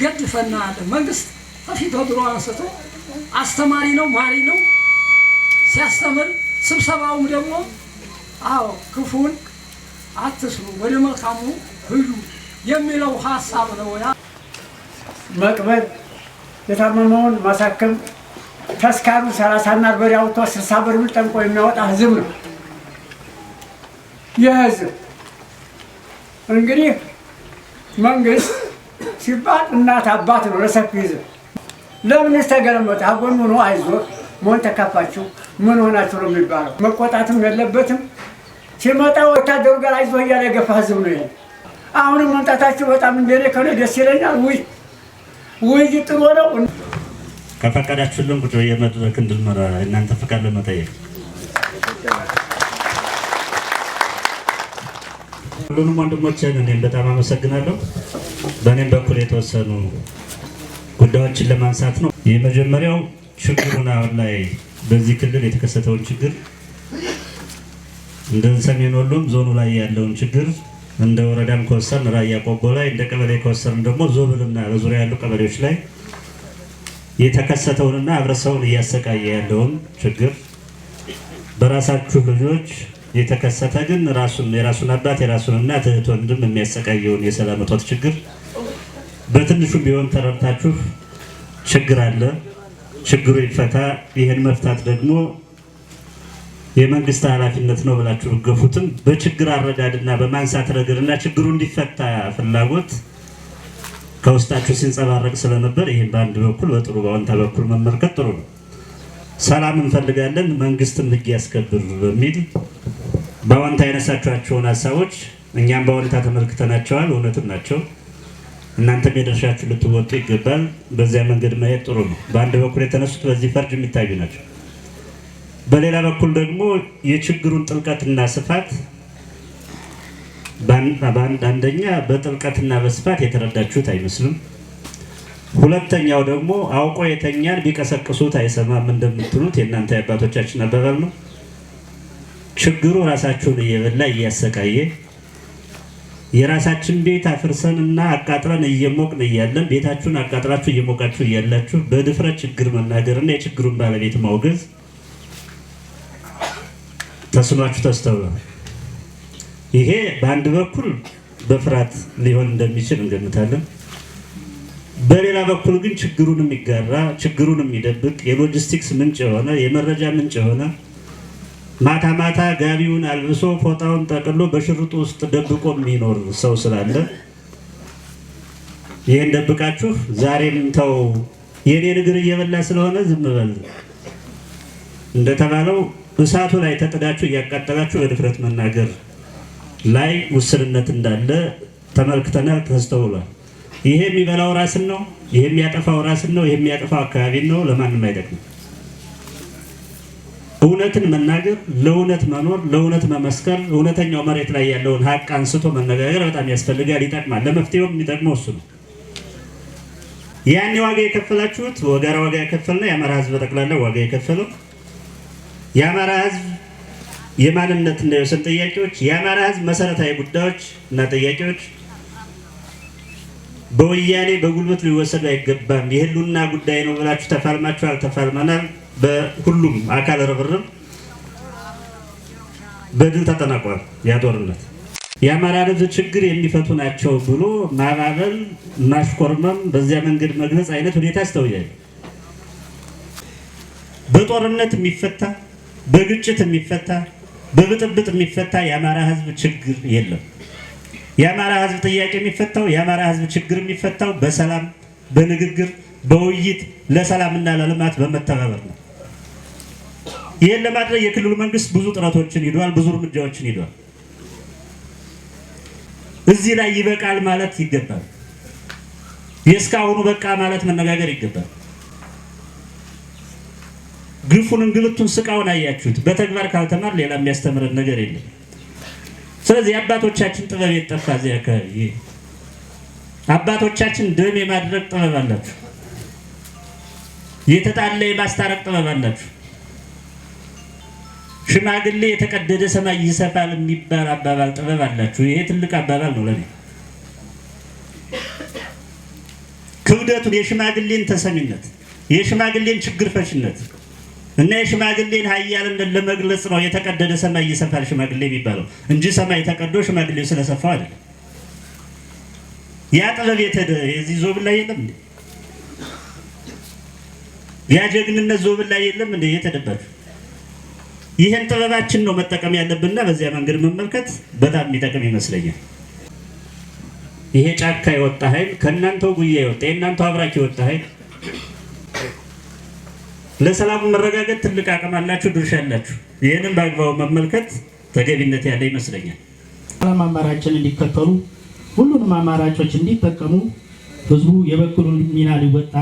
ገድፈና አለ መንግስት ከፊት ድሮ አንስቶ አስተማሪ ነው ማሪ ነው ሲያስተምር፣ ስብሰባውም ደግሞ አዎ ክፉን አትስሩ ወደ መልካሙ ህዩ የሚለው ሀሳብ ነው። ያ መቅበል፣ የታመመውን ማሳከም፣ ተስካሩ ሰላሳና ብር ያውቶ ስልሳ ብር ብል ጠንቆ የሚያወጣ ህዝብ ነው። ይህ ህዝብ እንግዲህ መንግስት ሲባል እናት አባት ነው ረሰፍ ይዘ ለምን ስተገለመጠ አጎን ምኖ አይዞ ሞን ተካፋችሁ ምን ሆናችሁ ነው የሚባለው። መቆጣትም የለበትም። ሲመጣ ወታደሩ ጋር አይዞ እያለ የገፋ ህዝብ ነው ይሄ። አሁንም መምጣታችሁ በጣም እንደኔ ከሆነ ደስ ይለኛል። ውይ ውይይት ጥሩ ነው። ከፈቀዳችሁልን ቁጭ የመድረክ እንድንመራ እናንተ ፈቃድ ለመጠየቅ ሁሉንም ወንድሞቼን እኔም በጣም አመሰግናለሁ። በእኔም በኩል የተወሰኑ ጉዳዮችን ለማንሳት ነው። የመጀመሪያው ችግሩን አሁን ላይ በዚህ ክልል የተከሰተውን ችግር እንደ ሰሜን ወሎም ዞኑ ላይ ያለውን ችግር እንደ ወረዳም ከወሰን ራያ ቆቦ ላይ እንደ ቀበሌ ከወሰን ደግሞ ዞብልና በዙሪያ ያሉ ቀበሌዎች ላይ የተከሰተውንና ህብረተሰቡን እያሰቃየ ያለውን ችግር በራሳችሁ ልጆች የተከሰተ ግን ራሱን የራሱን አባት የራሱን እናት እህት ወንድም የሚያሰቃየውን የሰላም እጦት ችግር በትንሹም ቢሆን ተረድታችሁ ችግር አለ፣ ችግሩ ይፈታ፣ ይህን መፍታት ደግሞ የመንግስት ኃላፊነት ነው ብላችሁ ብገፉትም በችግር አረዳድና በማንሳት ረገድና ችግሩ እንዲፈታ ፍላጎት ከውስጣችሁ ሲንጸባረቅ ስለነበር ይህን በአንድ በኩል በጥሩ በአዎንታ በኩል መመልከት ጥሩ ነው። ሰላም እንፈልጋለን፣ መንግስትም ህግ ያስከብር በሚል በዋንታ ያነሳችኋቸውን ሀሳቦች እኛም በዋንታ ተመልክተናቸዋል፣ እውነትም ናቸው። እናንተም የድርሻችሁ ልትወጡ ይገባል። በዚያ መንገድ ማየት ጥሩ ነው። በአንድ በኩል የተነሱት በዚህ ፈርጅ የሚታዩ ናቸው። በሌላ በኩል ደግሞ የችግሩን ጥልቀትና ስፋት አንደኛ በጥልቀትና በስፋት የተረዳችሁት አይመስልም። ሁለተኛው ደግሞ አውቆ የተኛን ቢቀሰቅሱት አይሰማም እንደምትሉት የእናንተ የአባቶቻችን አባባል ነው። ችግሩ ራሳቸውን እየበላ እያሰቃየ የራሳችን ቤት አፍርሰን እና አቃጥረን እየሞቅን እያለን ቤታችሁን አቃጥራችሁ እየሞቃችሁ እያላችሁ በድፍረት ችግር መናገርና የችግሩን ባለቤት ማውገዝ ተስኗችሁ ተስተውሏል። ይሄ በአንድ በኩል በፍርሃት ሊሆን እንደሚችል እንገምታለን። በሌላ በኩል ግን ችግሩን የሚጋራ ችግሩን የሚደብቅ የሎጂስቲክስ ምንጭ የሆነ የመረጃ ምንጭ የሆነ ማታ ማታ ጋቢውን አልብሶ ፎጣውን ጠቅሎ በሽርጡ ውስጥ ደብቆ የሚኖር ሰው ስላለ ይህን ደብቃችሁ ዛሬም ተው፣ የኔ እግር እየበላ ስለሆነ ዝም በል እንደተባለው እሳቱ ላይ ተጥዳችሁ እያቃጠላችሁ በድፍረት መናገር ላይ ውስንነት እንዳለ ተመልክተናል፣ ተስተውሏል። ይሄ የሚበላው ራስን ነው። ይሄ የሚያጠፋው ራስን ነው። ይሄ የሚያጠፋው አካባቢን ነው። ለማንም አይጠቅምም። እውነትን መናገር፣ ለእውነት መኖር፣ ለእውነት መመስከር፣ እውነተኛው መሬት ላይ ያለውን ሀቅ አንስቶ መነጋገር በጣም ያስፈልጋል፣ ይጠቅማል። ለመፍትሄውም የሚጠቅመው እሱ ነው። ያኔ ዋጋ የከፈላችሁት ወገራ ዋጋ የከፈልነው የአማራ ህዝብ በጠቅላላ ዋጋ የከፈለው የአማራ ህዝብ የማንነት እና የወሰን ጥያቄዎች፣ የአማራ ህዝብ መሰረታዊ ጉዳዮች እና ጥያቄዎች በወያኔ በጉልበት ሊወሰዱ አይገባም፣ የህሉና ጉዳይ ነው ብላችሁ ተፋልማችኋል፣ ተፋልመናል። በሁሉም አካል ርብርብ በድል ተጠናቋል። ያ ጦርነት የአማራ ሕዝብ ችግር የሚፈቱ ናቸው ብሎ ማባበል፣ ማሽኮርመም፣ በዚያ መንገድ መግለጽ አይነት ሁኔታ ያስተውያል። በጦርነት የሚፈታ በግጭት የሚፈታ በብጥብጥ የሚፈታ የአማራ ሕዝብ ችግር የለም። የአማራ ሕዝብ ጥያቄ የሚፈታው የአማራ ሕዝብ ችግር የሚፈታው በሰላም በንግግር በውይይት ለሰላምና ለልማት በመተባበር ነው። ይህን ለማድረግ የክልሉ መንግስት ብዙ ጥረቶችን ሂዷል፣ ብዙ እርምጃዎችን ሂዷል። እዚህ ላይ ይበቃል ማለት ይገባል። የእስካሁኑ በቃ ማለት መነጋገር ይገባል። ግፉን፣ እንግልቱን፣ ስቃውን አያችሁት። በተግባር ካልተማር ሌላ የሚያስተምረን ነገር የለም። ስለዚህ አባቶቻችን ጥበብ የጠፋ እዚህ አካባቢ አባቶቻችን ደም የማድረግ ጥበብ አላችሁ። የተጣለ የማስታረቅ ጥበብ አላችሁ። ሽማግሌ የተቀደደ ሰማይ ይሰፋል የሚባል አባባል ጥበብ አላችሁ። ይሄ ትልቅ አባባል ነው ለኔ። ክብደቱን የሽማግሌን ተሰሚነት፣ የሽማግሌን ችግር ፈችነት እና የሽማግሌን ኃያልነት ለመግለጽ ነው የተቀደደ ሰማይ ይሰፋል ሽማግሌ የሚባለው እንጂ ሰማይ ተቀዶ ሽማግሌው ስለሰፋው አይደለም። ያ ጥበብ የተደ የዚህ ዞብል ላይ የለም እንዴ? ያ ጀግንነት ዞብን ላይ የለም እንዴ የተደባችሁ ይህን ጥበባችን ነው መጠቀም ያለብንና በዚያ መንገድ መመልከት በጣም የሚጠቅም ይመስለኛል። ይሄ ጫካ የወጣ ኃይል ከእናንተው ጉያ የወጣ የእናንተው አብራክ የወጣ ኃይል ለሰላሙ መረጋገጥ ትልቅ አቅም አላችሁ፣ ድርሻ አላችሁ። ይህንም በአግባቡ መመልከት ተገቢነት ያለ ይመስለኛል። ሰላም አማራጭን እንዲከተሉ ሁሉንም አማራጮች እንዲጠቀሙ ህዝቡ የበኩሉን ሚና ሊወጣ